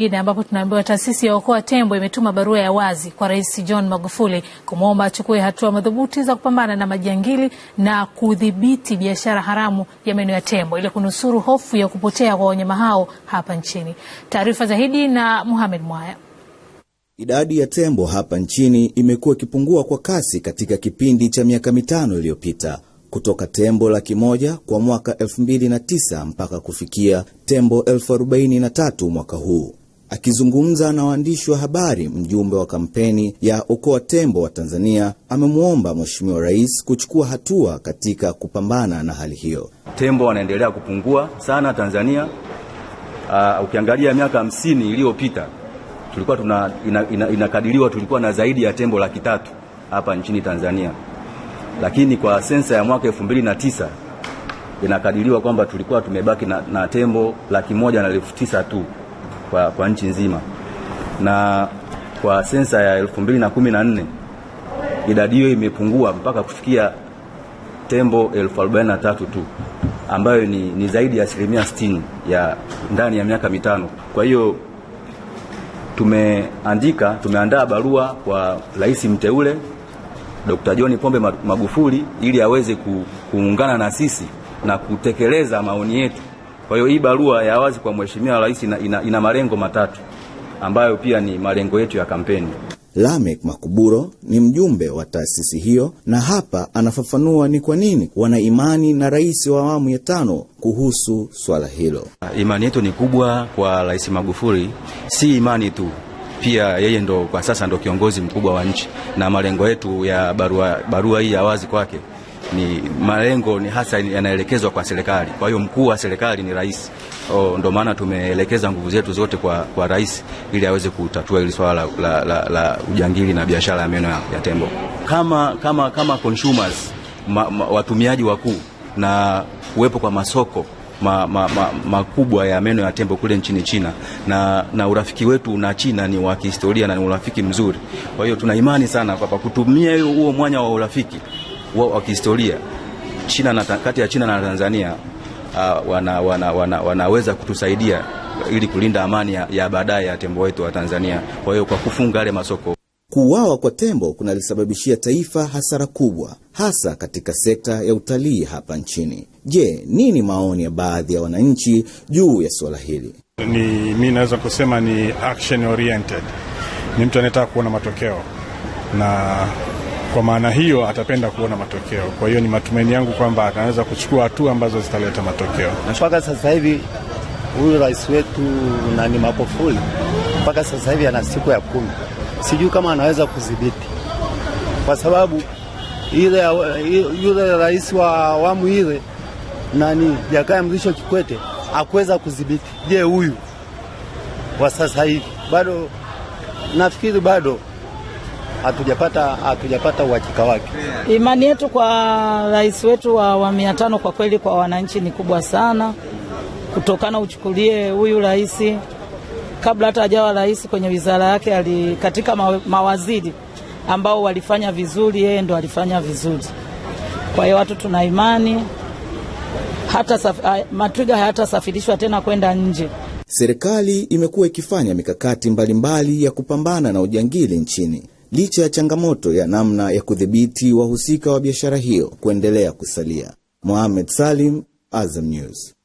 Ine ambapo tunaambiwa taasisi ya Okoa Tembo imetuma barua ya wazi kwa Rais John Magufuli kumwomba achukue hatua madhubuti za kupambana na majangili na kudhibiti biashara haramu ya meno ya tembo ili kunusuru hofu ya kupotea kwa wanyama hao hapa nchini. Taarifa zaidi na Mohamed Mwaya. Idadi ya tembo hapa nchini imekuwa ikipungua kwa kasi katika kipindi cha miaka mitano iliyopita kutoka tembo laki moja kwa mwaka 2009 mpaka kufikia tembo elfu arobaini na tatu mwaka huu. Akizungumza na waandishi wa habari, mjumbe wa kampeni ya Okoa Tembo wa Tanzania amemwomba Mheshimiwa Rais kuchukua hatua katika kupambana na hali hiyo. Tembo wanaendelea kupungua sana Tanzania. Uh, ukiangalia miaka hamsini iliyopita tulikuwa tuna ina, ina, inakadiriwa tulikuwa na zaidi ya tembo laki tatu hapa nchini Tanzania, lakini kwa sensa ya mwaka elfu mbili na tisa inakadiriwa kwamba tulikuwa tumebaki na, na tembo laki moja na elfu tisa tu kwa, kwa nchi nzima, na kwa sensa ya 2014 idadi hiyo imepungua mpaka kufikia tembo elfu arobaini na tatu tu ambayo ni, ni zaidi ya asilimia 60 ya ndani ya miaka mitano. Kwa hiyo tumeandika tumeandaa barua kwa rais mteule Dr. John Pombe Magufuli ili aweze kuungana na sisi na kutekeleza maoni yetu kwa hiyo hii barua ya wazi kwa Mheshimiwa Rais ina, ina, ina malengo matatu ambayo pia ni malengo yetu ya kampeni. Lamek Makuburo ni mjumbe wa taasisi hiyo na hapa anafafanua ni kwa nini wana imani na rais wa awamu ya tano kuhusu swala hilo. Imani yetu ni kubwa kwa Rais Magufuli, si imani tu, pia yeye ndo kwa sasa ndo kiongozi mkubwa wa nchi, na malengo yetu ya barua, barua hii ya wazi kwake ni malengo ni hasa yanaelekezwa kwa serikali. Kwa hiyo mkuu wa serikali ni rais, ndio maana tumeelekeza nguvu zetu zote kwa, kwa rais ili aweze kutatua hili swala la, la, la, la ujangili na biashara ya meno ya tembo. Kama, kama, kama consumers ma, ma, watumiaji wakuu na kuwepo kwa masoko makubwa ma, ma, ma ya meno ya tembo kule nchini China na, na urafiki wetu na China ni wa kihistoria na ni urafiki mzuri. Kwa hiyo tuna imani sana kwa kutumia huo mwanya wa urafiki wa kihistoria China na, kati ya China na Tanzania uh, wana, wana, wana, wanaweza kutusaidia ili kulinda amani ya, ya baadaye ya tembo wetu wa Tanzania. Kwa hiyo kwa kufunga yale masoko Kuuawa kwa tembo kunalisababishia taifa hasara kubwa, hasa katika sekta ya utalii hapa nchini. Je, nini maoni ya baadhi ya wananchi juu ya suala hili? Ni mi naweza kusema ni action oriented, ni mtu anayetaka kuona matokeo na kwa maana hiyo atapenda kuona matokeo. Kwa hiyo ni matumaini yangu kwamba ataweza kuchukua hatua ambazo zitaleta matokeo. Na mpaka sasa hivi huyu rais wetu nani Magufuli, mpaka sasa hivi ana siku ya kumi, sijui kama anaweza kudhibiti, kwa sababu ile yule rais wa awamu ile nani Jakaya Mrisho Kikwete akuweza kudhibiti. Je, huyu wa sasa hivi bado, nafikiri bado hatujapata hatujapata uhakika wake. Imani yetu kwa rais wetu wa awamu ya tano kwa kweli kwa wananchi ni kubwa sana, kutokana uchukulie huyu rais kabla hata hajawa rais kwenye wizara yake ali, katika mawaziri ambao walifanya vizuri, yeye ndo alifanya vizuri. Kwa hiyo watu tuna imani hata saf, matwiga hayatasafirishwa tena kwenda nje. Serikali imekuwa ikifanya mikakati mbalimbali mbali ya kupambana na ujangili nchini licha ya changamoto ya namna ya kudhibiti wahusika wa biashara hiyo kuendelea kusalia. Mohamed Salim, Azam News.